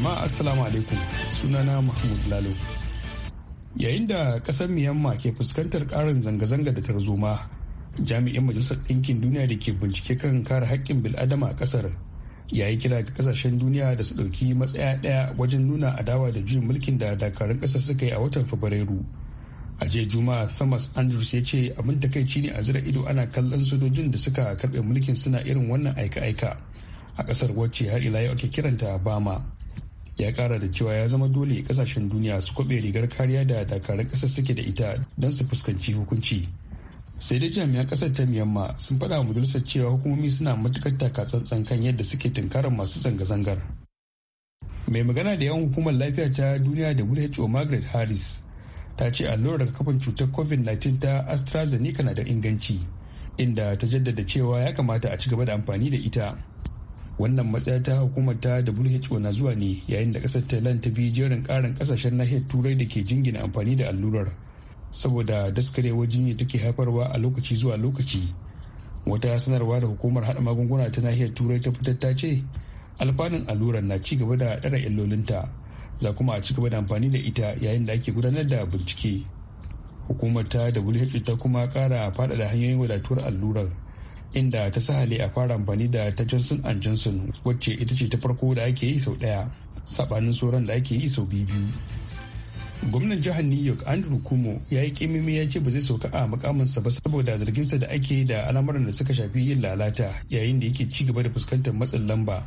jama'a assalamu alaikum sunana mahmud lalo yayin da kasar myanmar ke fuskantar karin zanga-zanga da tarzoma jami'in majalisar ɗinkin duniya da ke bincike kan kare haƙƙin bil'adama a ƙasar ya yi kira ga kasashen duniya da su ɗauki matsaya ɗaya wajen nuna adawa da juyin mulkin da dakarun ƙasar suka yi a watan fabrairu a jiya juma'a thomas andrews ya ce abin takaici ne a zira ido ana kallon sojojin da suka karɓe mulkin suna irin wannan aika-aika a ƙasar wacce har ila yau ake kiranta bama ya kara da cewa ya zama dole kasashen duniya su kwabe rigar kariya da dakarun kasar suke da ita don su fuskanci hukunci sai dai jami'an kasar ta miyamma sun faɗa wa majalisar cewa hukumomi suna matukar taka takatsantsan kan yadda suke tunkarar masu zanga-zangar mai magana da yawan hukumar lafiya ta duniya da who margaret harris ta ce allurar kafin cutar covid-19 ta astrazeneca na da inganci inda ta jaddada cewa ya kamata a ci gaba da amfani da ita wannan matsaya ta hukumar ta who na zuwa ne yayin da kasar thailand ta bi jerin karin kasashen nahiyar turai da ke jingina amfani da allurar saboda daskarewar jinya take haifarwa a lokaci zuwa lokaci wata sanarwa da hukumar hada magunguna ta nahiyar turai ta fitar ta ce alfanun allurar na ci gaba da ɗara illolinta za kuma a ci gaba da amfani da ita yayin da ake gudanar da bincike hukumar ta who ta kuma kara faɗaɗa hanyoyin wadatuwar allurar inda ta sahale a fara amfani da ta johnson and johnson wacce ita ce ta farko da ake yi sau daya sabanin sauran da ake yi sau biyu gwamnan jihar new york andrew kumo ya yi kimimi ya ce ba zai sauka a mukaminsa ba saboda zarginsa da ake da al'amuran da suka shafi yin lalata yayin da yake ci gaba da fuskantar matsin lamba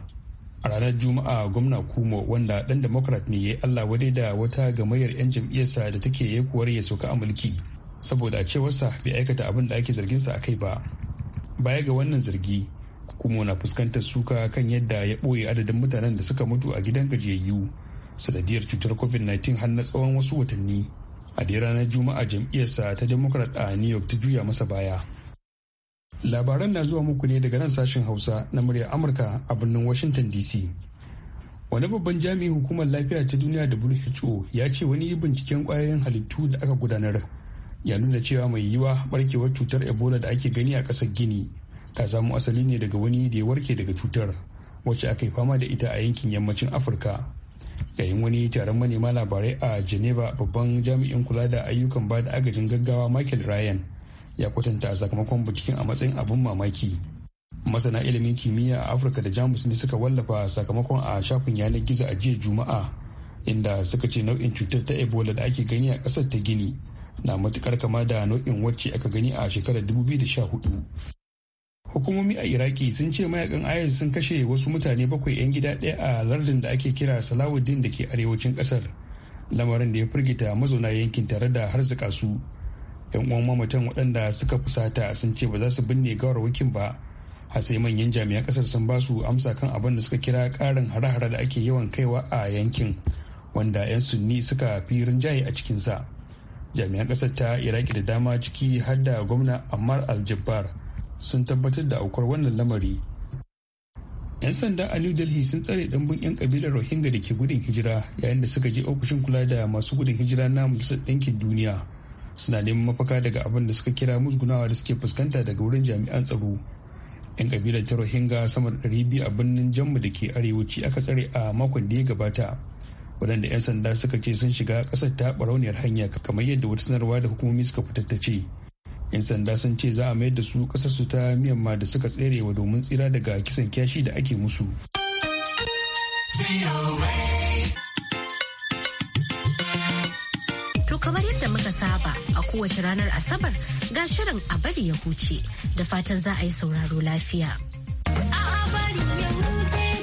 a ranar juma'a gwamna kumo wanda dan democrat ne ya yi allah wadai da wata gamayyar 'yan jam'iyyarsa da take kuwar ya sauka a mulki saboda cewarsa bai aikata abin da ake zargin sa a kai ba baya ga wannan zargi kuma na fuskantar suka kan yadda ya ɓoye adadin mutanen da suka mutu a gidan gajiyayyu sanadiyar cutar covid-19 har na tsawon wasu watanni a da ranar juma'a jam'iyyarsa ta democrat a new york ta juya masa baya labaran na zuwa muku ne daga nan sashen hausa na muryar amurka a birnin washington dc wani babban jami'in hukumar lafiya ta duniya who ya ce wani binciken kwayoyin halittu da aka gudanar ya nuna cewa mai yiwa barkewar cutar ebola da ake gani a kasar gini ta samu asali ne daga wani da ya warke daga cutar wacce aka yi fama da ita a yankin yammacin afirka yayin wani taron manema labarai a geneva babban jami'in kula da ayyukan ba da agajin gaggawa michael ryan ya kwatanta a sakamakon binciken a matsayin abin mamaki masana ilimin kimiyya a afirka da jamus ne suka wallafa sakamakon a shafin yanar gizo a jiya juma'a inda suka ce nau'in cutar ta ebola da ake gani a kasar ta gini na matukar kama da nau'in wacce aka gani a shekarar 2014 hukumomi a iraki sun ce mayakan ayyar sun kashe wasu mutane bakwai 'yan gida ɗaya a lardin da ake kira salawuddin da ke arewacin ƙasar lamarin da ya firgita mazauna yankin tare da harzika su yan uwan mamatan waɗanda suka fusata sun ce ba za su binne gawarwakin ba a sai manyan jami'an kasar sun ba su amsa kan abin da suka kira karin hare-hare da ake yawan kaiwa a yankin wanda 'yan sunni suka fi rinjaye a cikinsa jami'an ƙasar ta iraki da dama ciki har da gwamna ammar aljabbar sun tabbatar da aukar wannan lamari 'yan sanda a new delhi sun tsare dambun 'yan kabilar rohingya da ke gudun hijira yayin da suka je ofishin kula da masu gudun hijira na majalisar ɗinkin duniya suna neman mafaka daga abin da suka kira musgunawa da suke fuskanta daga wurin jami'an tsaro 'yan kabilar ta rohingya sama da 200 a birnin jammu da ke arewaci aka tsare a makon da ya gabata waɗanda 'yan sanda suka ce sun shiga ƙasar ta barauniyar hanya kamar yadda wata sanarwa da hukumomi suka fitar ce 'yan sanda sun ce za a mayar da su ƙasarsu ta miyamma da suka tserewa domin tsira daga kisan kyashi da ake musu To kamar yadda muka saba a kowace ranar Asabar ga shirin a bari ya huce da fatan za a yi sauraro lafiya. A bari ya huce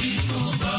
people.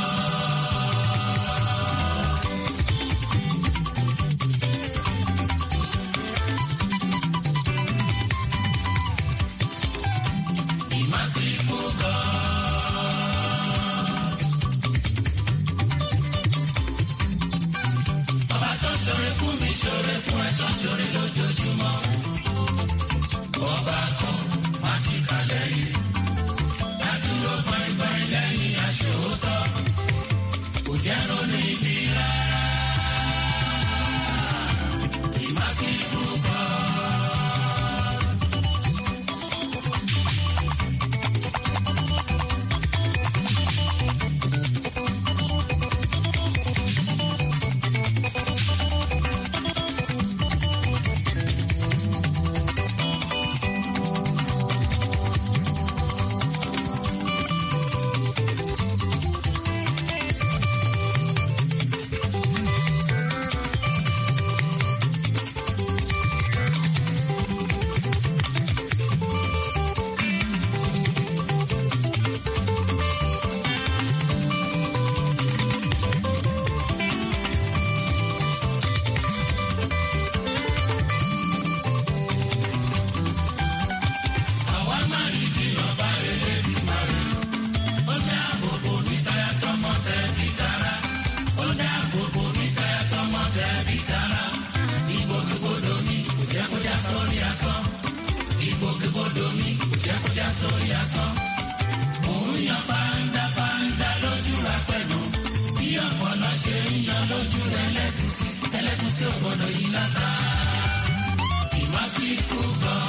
People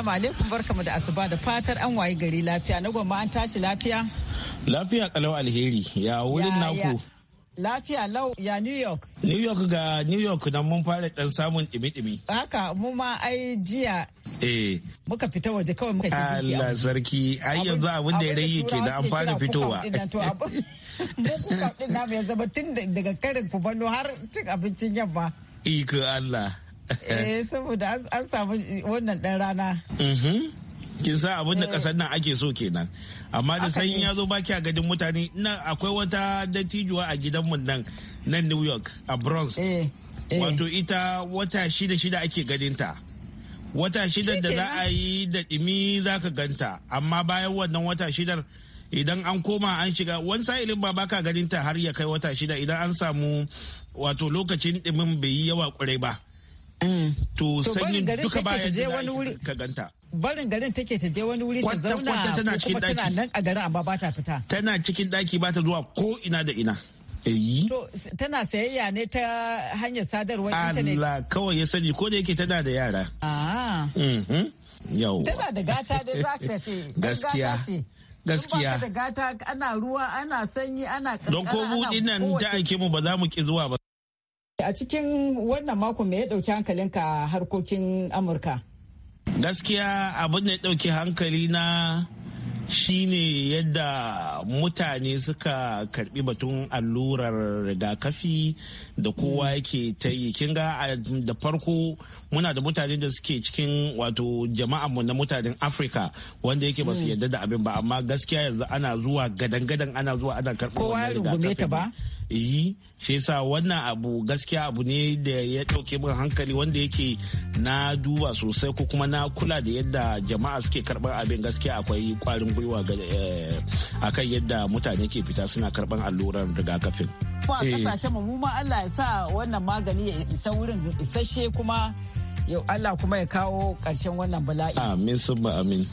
Assalamu alaikum barkamu da asuba da fatar an waye gari lafiya na gwamma an tashi lafiya. Lafiya kalau alheri ya wurin naku. Lafiya lau ya New York. New York ga New York nan mun fara dan samun dimi-dimi. Haka mu ma ai jiya. Eh. Muka fita waje kawai muka shi Allah sarki ai yanzu abin da ya rayi ke da an fara fitowa. kuka din na mai zama tun daga karin kuballo har cin abincin yamma. Iko Allah. eh saboda an samu wannan ɗan rana mhm. kin sa abin da kasar nan ake so kenan amma da sanyi ya zo baki a gadin mutane na akwai wata dattijuwa a gidanmu nan nan new york a bronx eh, eh. wato ita wata shida shida ake ganinta wata shida da za a yi da ɗimi za ka ganta amma bayan wannan wata shidar idan an koma an shiga wani sa'ilin ba baka ganinta har ya kai wata shida idan an samu wato lokacin ɗimin bai yi yawa ƙwarai ba to sanyin duka bayan ka ganta barin garin take ta je wani wuri ta zauna kwata tana cikin daki tana nan a garin amma ba ta fita tana cikin daki ba ta zuwa ko ina da ina eyi to tana sayayya ne ta hanyar sadarwar internet Allah kawai ya sani ko da yake tana da yara ah mhm. yau tana da gata da za ta ce gaskiya gaskiya da gata ana ruwa ana sanyi ana don ko mu dinnan da ake mu ba za mu ki zuwa ba A cikin wannan mako me ya ɗauki hankalinka harkokin Amurka? Gaskiya abin da ya ɗauki hankali na shine yadda mutane suka karbi batun allurar rigakafi da kowa mm. yake ta yi kinga da farko muna da mutane da suke cikin wato mu na mutanen afirka wanda yake ba su hmm. yarda da abin ba amma gaskiya yanzu ana zuwa gadan-gadan ana zuwa ana karɓar wannan ta ba yi shi yasa wannan abu gaskiya abu ne da ya ɗauke min hankali wanda yake na duba sosai ko kuma na kula da yadda jama'a suke karɓar abin gaskiya akwai kwarin gwiwa a eh, kan yadda mutane ke fita suna karɓar alluran rigakafin. Ko a kasashen eh. mu ma Allah ya sa wannan magani ya isa wurin isasshe kuma yau Allah kuma ya kawo ƙarshen wannan bala'i amin subba amin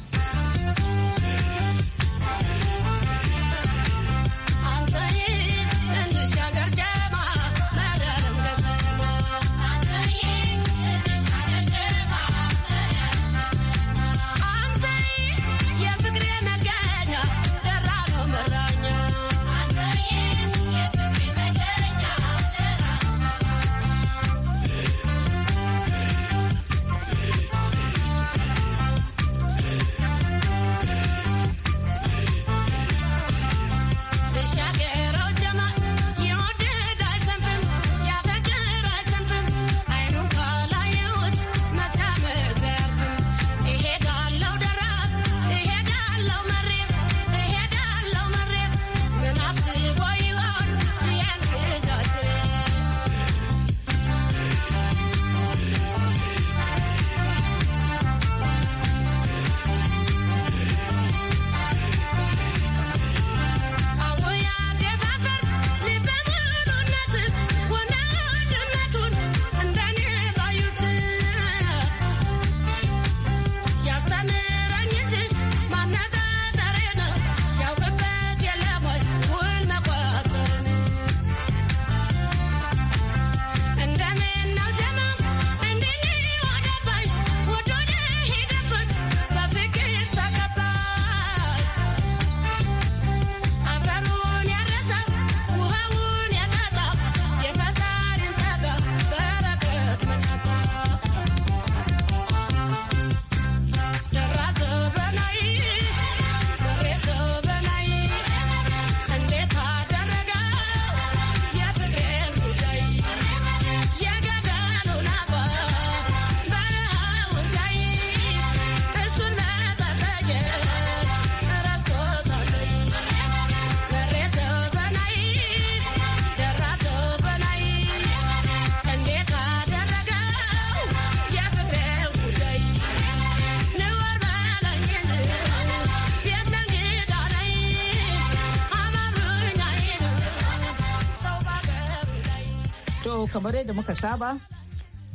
ba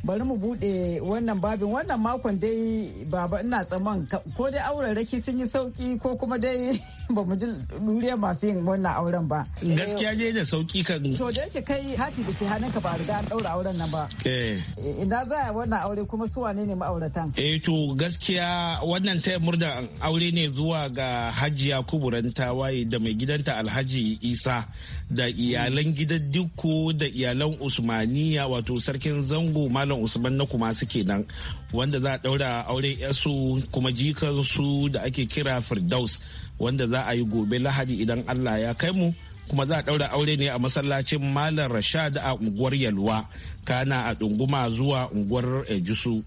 bari mu bude wannan babin wannan makon dai baba ina tsaman ko dai auraraki sun yi sauki ko kuma dai ba mu ji duriyar masu yin wannan auren ba. Gaskiya je da sauki kan. To da yake kai hati da ke ka ba riga an ɗaura auren nan ba. Eh. eh ina za a wannan aure kuma su wane ne ma'auratan? Eh to gaskiya wannan taya murda aure ne zuwa ga hajji yakubu Rantawaye da mai gidanta Alhaji Isa da iyalan gidan Dikko da iyalan Usmaniya wato sarkin zango Malam Usman na kuma suke nan. wanda za a daura auren yasu kuma jikansu da ake kira firdaus wanda za a yi gobe lahadi idan allah ya kai mu kuma za a daura aure ne a masallacin malam rashad a unguwar yalwa kana a dunguma zuwa unguwar ejusu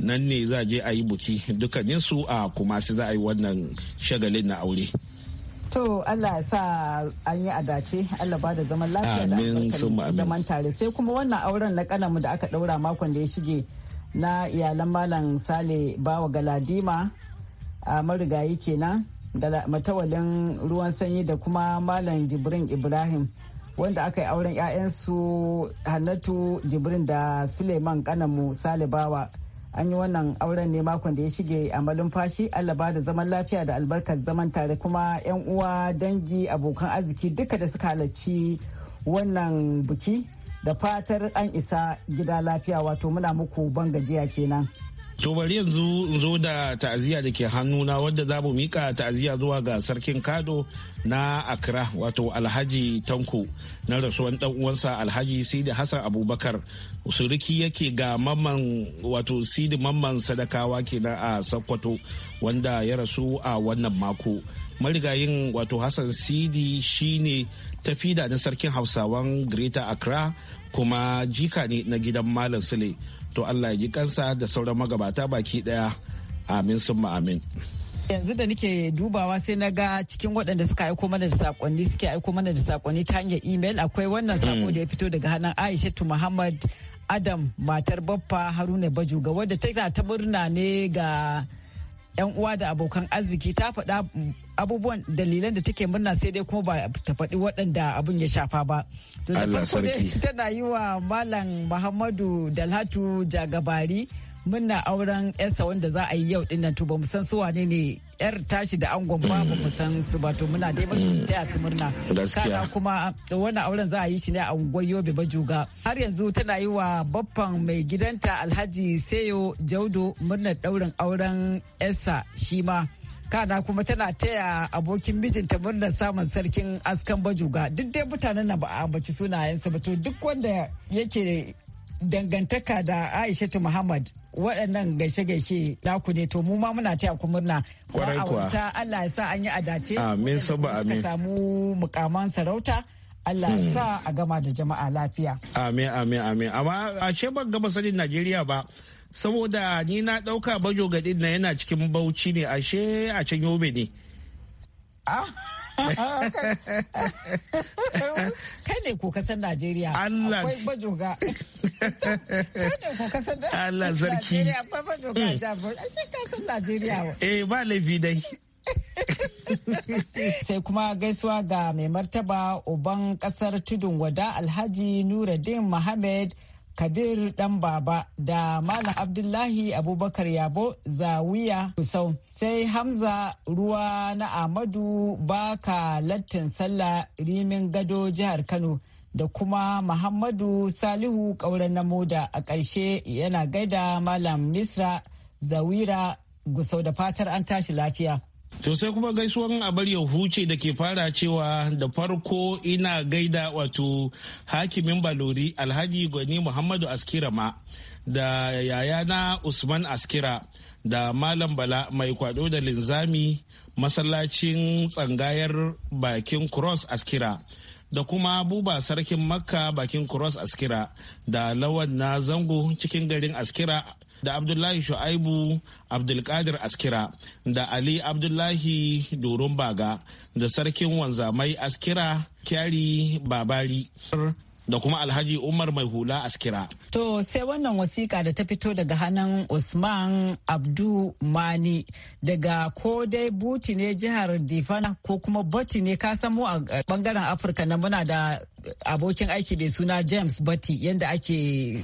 nan ne za a je a yi buki dukkaninsu a kuma su za a yi wannan shagalin na aure To Allah ya sa an yi adace Allah ba da zaman lafiya da zaman tare sai kuma wannan auren na kanamu da aka daura makon da ya shige na iyalan malam sale bawa galadima a marigayi kenan matawalin ruwan sanyi da kuma malam jibrin ibrahim wanda aka yi auren 'ya'yansu hannatu jibrin da suleiman kanamu bawa an yi wannan auren ne makon da ya shige a allah allaba da zaman lafiya da albarkar zaman tare kuma 'yan uwa dangi abokan arziki duka da suka halarci wannan buki da fatar an isa gida lafiya wato muna muku ban gajiya kenan. To bari yanzu in zo da ta'aziyya da ke hannuna wadda za mu mika ta'aziyya zuwa ga sarkin kado na Accra wato Alhaji Tanko na rasuwan dan uwansa Alhaji Sidi Hassan Abubakar usuriki yake ga mamman wato Sidi mamman sadakawa kenan a Sokoto wanda ya rasu a wannan mako. marigayin wato hassan sidi shine tafida na sarkin hausawan greater accra kuma jika ne na gidan malam sule to allah ya ji kansa da sauran magabata baki daya amin sun amin yanzu da nake dubawa sai na ga cikin waɗanda suka aiko mana da sakonni suke aiko mana da sakonni ta hanyar email akwai wannan sako hmm. da ya fito daga hannun aishatu muhammad adam matar baffa haruna bajuga wadda ta ta murna ne ga 'yan uwa da abokan arziki ta faɗa abubuwan dalilan da take murna sai dai kuma ba ta faɗi waɗanda abin ya shafa ba. Allah sarki. Tana yi wa Malam Muhammadu Dalhatu Jagabari muna auren yarsa wanda za a yi yau dinnan to ba su wane ne yar tashi da angon ba ba mu san su ba to muna dai masu taya su murna kana kuma wannan auren za a yi shi ne a unguwar yobe bajuga har yanzu tana yi wa baffan mai gidanta alhaji seyo jaudo murnar daurin auren yarsa shi ma kana kuma tana taya abokin mijinta murnar samun sarkin askan bajuga duk dai mutanen na ba a ambaci sunayensa ba to duk wanda yake dangantaka da aishatu muhammad waɗannan gaishe-gaishe ku ne to mu ma muna taya ku murna wuta Allah ya sa an yi adace amin saba amin samu mukaman sarauta Allah ya hmm. sa a gama da jama'a lafiya amin amin amin amma ashe ban gaba sanin Najeriya ba saboda ni na ɗauka bajo gadin na yana cikin bauchi ne ashe a can yobe ne ah. kai ne ko kasar Najeriya Allah akwai bajoga Allah zarki akwai bajoga a jabir a ka san Najeriya eh ba laifi dai sai kuma gaisuwa ga mai martaba uban kasar tudun wada alhaji nuruddin muhammad kabir dan baba da malam abdullahi abubakar yabo zawiya kusau sai hamza ruwa na ahmadu baka lattin sallah rimin gado jihar kano da kuma muhammadu salihu ƙauren na moda a ƙarshe yana gaida malam misra zawira gusau da fatar an tashi lafiya To sai kuma gaisuwan abar huce da ke fara cewa da farko ina gaida wato hakimin balori alhaji gwani muhammadu askira ma. da yayana usman askira da malam bala mai kwado da linzami masallacin tsangayar bakin cross askira da kuma buba sarkin makka bakin cross askira da lawan na zango cikin garin askira da abdullahi shu'aibu abdulkadir askira da ali abdullahi doron baga da sarkin wanzamai askira kyari babari da kuma alhaji umar mai hula askira to sai wannan wasiƙa da ta fito daga hannun usman abdu mani daga ko dai buti ne jihar difana ko kuma bati ne ka samu a bangaren afirka na muna da abokin aiki mai suna james bati yadda ake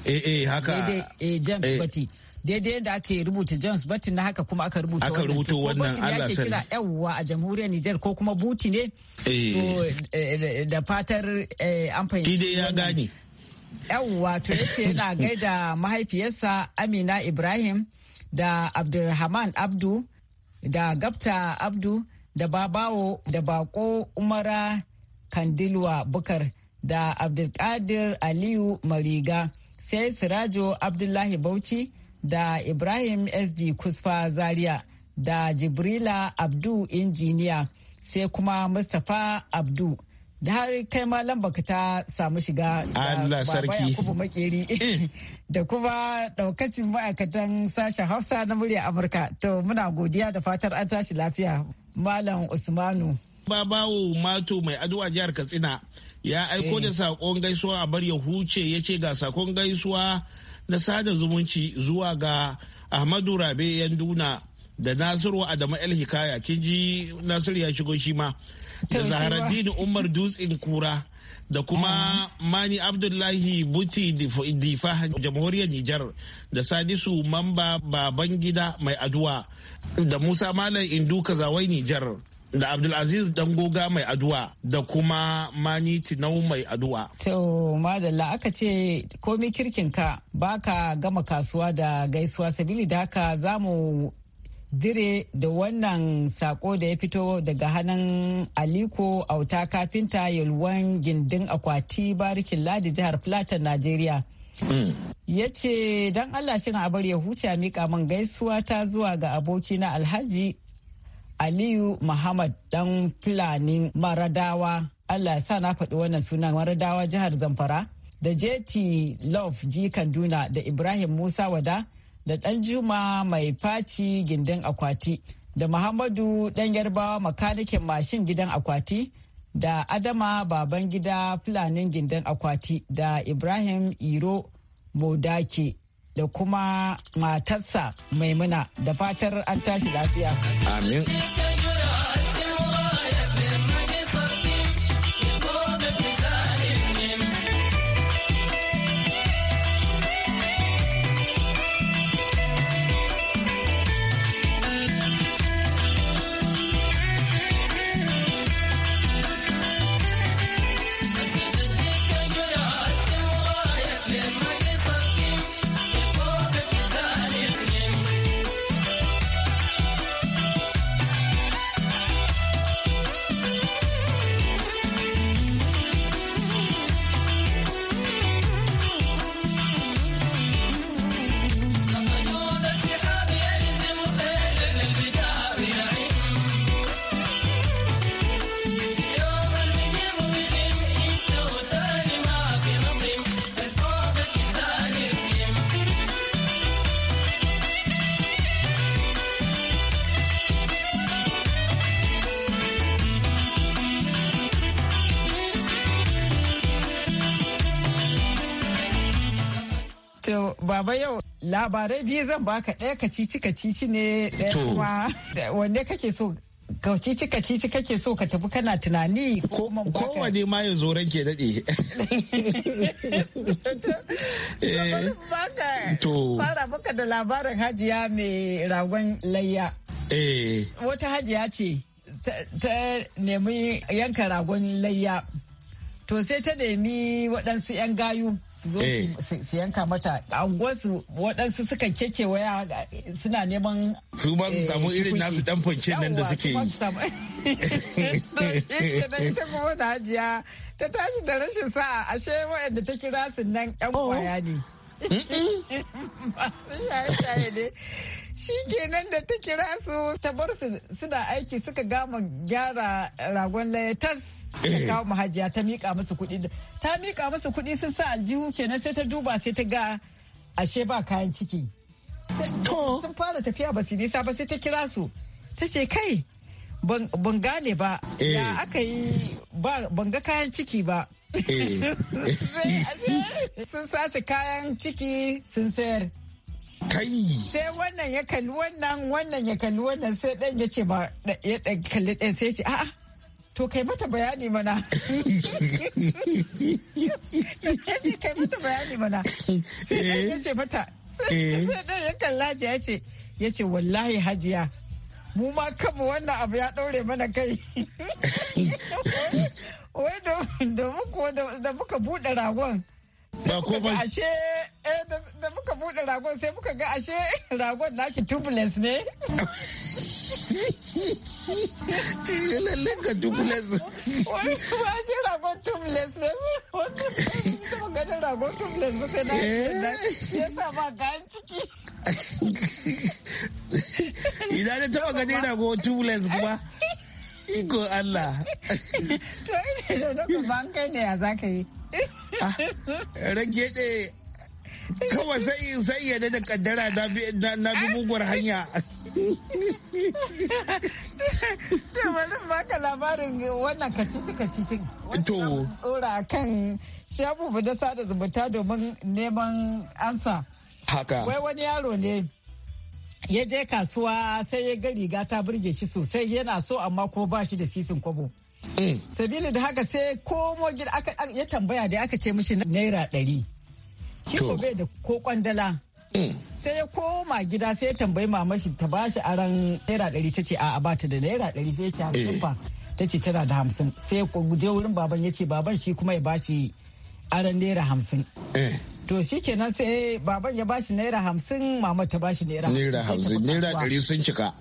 eh, eh haka eh james eh. bati daidai da aka rubuta jones Batin na haka kuma aka rubuta aka ko wannan Allah sani kira yawwa a jamhuriyar Nijar ko kuma buti ne eh. Eh, da fatar eh, an fahimci dai ya gani yawwa to yace yana gaida mahaifiyarsa Amina Ibrahim da Abdulrahman Abdu da gabta Abdu da Babawo da Bako Umara Kandilwa Bukar da Abdulkadir Aliyu Mariga sai Sirajo Abdullahi Bauchi da Ibrahim SD Kusfa Zaria da Jibrila Abdu Injiniya sai kuma Mustapha Abdu. da har kai ma lamba ta samu shiga Allah sarki makeri da kuma daukacin ma'aikatan sashen hausa na murya amurka to muna godiya da fatar an tashi lafiya malam usmanu babawo mato mai addu'a jihar katsina ya aiko eh. da sakon gaisuwa a bar ya huce ya ce ga sakon gaisuwa na sada zumunci zuwa ga ahmadu rabe yanduna da nasiru adamu el hikaya kin ji nasiru ya shigo shi ma da zaharaddini umar Dutsin kura da kuma ah. mani abdullahi buti difa jamhuriyar nijar da sadisu mamba Babangida mai aduwa da musa malam indu kazawai nijar da abdulaziz dangoga mai aduwa da kuma mani tinau mai aduwa to madalla aka ce kirkin ka baka gama kasuwa da gaisuwa sabili da haka za mu dire da wannan sako da ya fito daga hannun aliko auta kafinta yalwan gindin akwati barikin ladi jihar plateau najeriya mm. ya ce don allah shirin abar ya huce a mika min gaisuwa ta zuwa ga aboki na alhaji aliyu muhammad dan fulani maradawa allah sa na faɗi wannan sunan maradawa jihar zamfara da JT love ji kanduna da ibrahim musa wada da ɗan juma mai faci gindin akwati da muhammadu ɗan yarbawa makanikin mashin gidan akwati da adama baban gida fulanin gindin akwati da ibrahim iro modake da kuma matarsa maimuna da fatar an tashi lafiya. Amin. baba yau labarai biyu zan baka ɗaya ka cici ka cici ne ɗaya kuma wanne kake so ka cici ka cici kake so ka tafi kana tunani ko wane ma ya zo ke daɗe to fara baka da labarin hajiya mai ragon layya eh. wata hajiya ce ta nemi yanka ragon layya to sai ta nemi waɗansu 'yan gayu su zo eh. su yanka mata anguwarsu waɗansu suka keke waya suna neman su ba su eh, samu irin nasu dan fanke nan da suke yi ta kuma wani hajiya ta tashi da rashin sa'a ashe wa'anda ta kira su nan 'yan oh. kwaya ne shi nan da ta kira su ta bar su suna aiki suka gama gyara ragon layatas ta eh. kawo mu hajiya ta mika musu kuɗi ta mika musu kuɗi sun sa aljihu kenan sai ta duba sai ta ga ashe ba kayan ciki to sun fara tafiya ba su nisa ba sai ta kira su ta ce kai ban gane ba eh. ya aka yi ban ga kayan ciki ba eh. sun sace kayan ciki sun sayar kai sai wannan ya kalli wannan wannan ya kalli wannan sai dan ya ce ba ya kalli dan sai ya ce a'a to kai mata bayani mana kai mata bayani mana ya ce mata sai eh. ya kalla ya ce ya ce wallahi hajiya mu ma kanmu wannan abu ya ɗaure mana kai wai da muka buɗe ragon ba ko ba ashe eh da muka bude ragon sai muka ga ashe ragon naki tubeless ne eh, lalle ga tubeless wai ba shi ragon tubeless ne wani ganin ragon tubeless ba sai na eh. ya sa ba ga ciki idan ta taba ganin ragon tubeless kuma Iko Allah. To, ina da ban kai ne ya zaka yi. rage ɗe kawai sai sai ya da kaddara na bi muguwar hanya to bari baka labarin wannan kacici kacicin to ora kan shafufu da sada zumunta domin neman ansa haka wai wani yaro ne ya je kasuwa sai ya ga riga ta burge shi sosai yana so amma ko ba shi da sisin kwabo Mm. sabili da haka sai komo gida ya tambaya da aka ce mishi naira ɗari shi ko bai da ko kwandala mm. sai ya koma gida sai ya tambayi mamashi ta bashi aran naira ɗari ta ce a bata da naira ɗari sai ya ce hamsin eh. ta ce tana da hamsin sai ya guje wurin baban ya ce baban shi kuma ya bashi aran naira hamsin eh. to shi kenan sai baban ya bashi naira hamsin mama ta bashi naira hamsin naira hamsin naira ɗari sun cika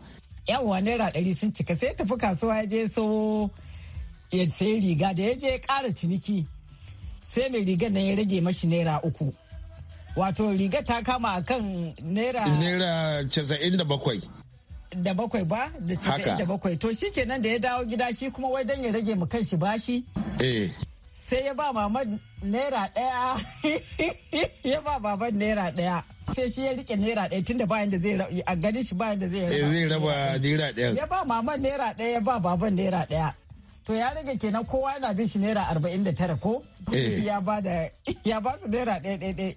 yawwa naira ɗari sun cika sai tafi kasuwa ya je so ya sai riga da ya je ya ƙara ciniki sai mai rigar nan ya rage mashi naira uku wato riga ta kama a kan naira naira casa'in da bakwai da bakwai ba da casa'in da bakwai to shi kenan da ya dawo gida shi kuma wai don ya rage mu kanshi bashi eh sai ya ba mama naira ɗaya ya ba baban naira ɗaya sai shi ya rike naira ɗaya tunda bayan da zai a ganin shi bayan da zai eh, raba naira ɗaya ya ba mama naira ɗaya ya ba baban naira ɗaya to ya rage kenan kowa yana bin shi naira arba'in da tara ko eh. ya ba da ya ba su naira ɗaya ɗaya ɗaya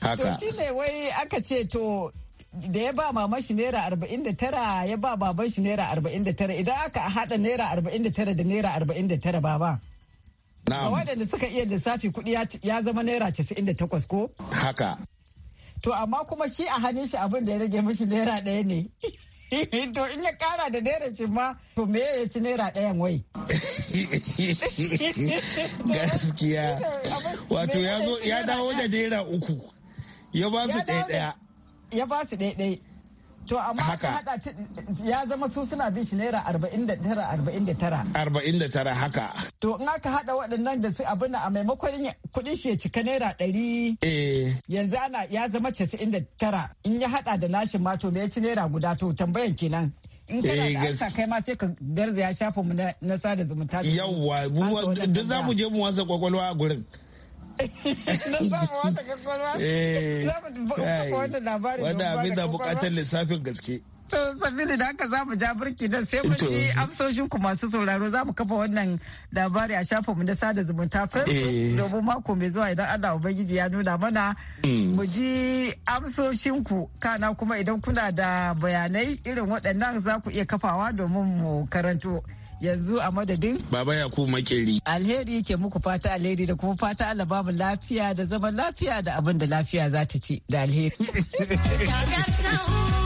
haka to shi ne wai aka ce to da ya ba mama shi naira arba'in da tara ya ba baban shi naira arba'in da tara idan aka haɗa naira arba'in da tara da naira arba'in da tara baba Na. waɗanda suka iya lissafi kuɗi ya zama naira casa'in da takwas ko? Haka. To amma kuma shi a hannun shi abin da ya rage mashi naira ɗaya ne. to in ya kara da naira shi ma to me ya ci naira ɗayan wai gaskiya wato ya dawo da naira uku ya ba su ɗaya ɗaya ya ba su ɗaya ɗaya To amma haka ya zama su suna bin shi naira arba'in da tara arba'in da tara. Arba'in da tara haka. To in aka haɗa waɗannan da su abin a maimakon kuɗin shi ya cika naira ɗari. Eh. Yanzu ana ya zama casa'in da tara in ya haɗa da nashin ma to me ya ci naira guda to tambayan kenan. in kana eh, da aka kai ma sai ka garza ya shafa mu na sada zumunta yawwa duk za mu je mu wasa kwakwalwa a gurin Wanda da bukatar lissafin gaske. sabili da haka za mu ja birki nan sai mun ji amsoshin ku masu sauraro za mu kafa wannan labari a shafinmu na sada zumunta Facebook domin mako mai zuwa idan Allah Ubangiji ya nuna mana mu ji amsoshin ku kana kuma idan kuna da bayanai irin waɗannan za ku iya kafawa domin mu karanto. yanzu a madadin baba ya yakubu makeri alheri ke muku fata alheri da kuma fata Allah babu lafiya da zaman lafiya da abin da lafiya za ta ci da alheri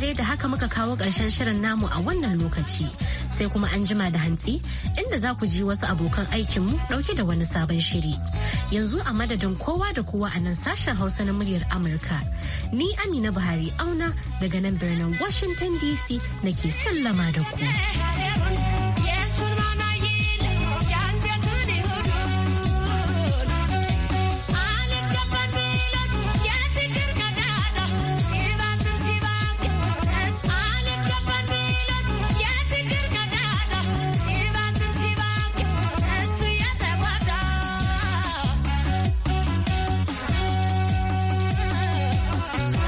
saurare da haka muka kawo ƙarshen shirin namu a wannan lokaci sai kuma an jima da hantsi inda za ku ji wasu abokan aikinmu ɗauke da wani sabon shiri. Yanzu a madadin kowa da kowa a nan sashen Hausa na muryar Amurka. Ni Amina Buhari auna daga nan birnin Washington DC nake sallama da ku.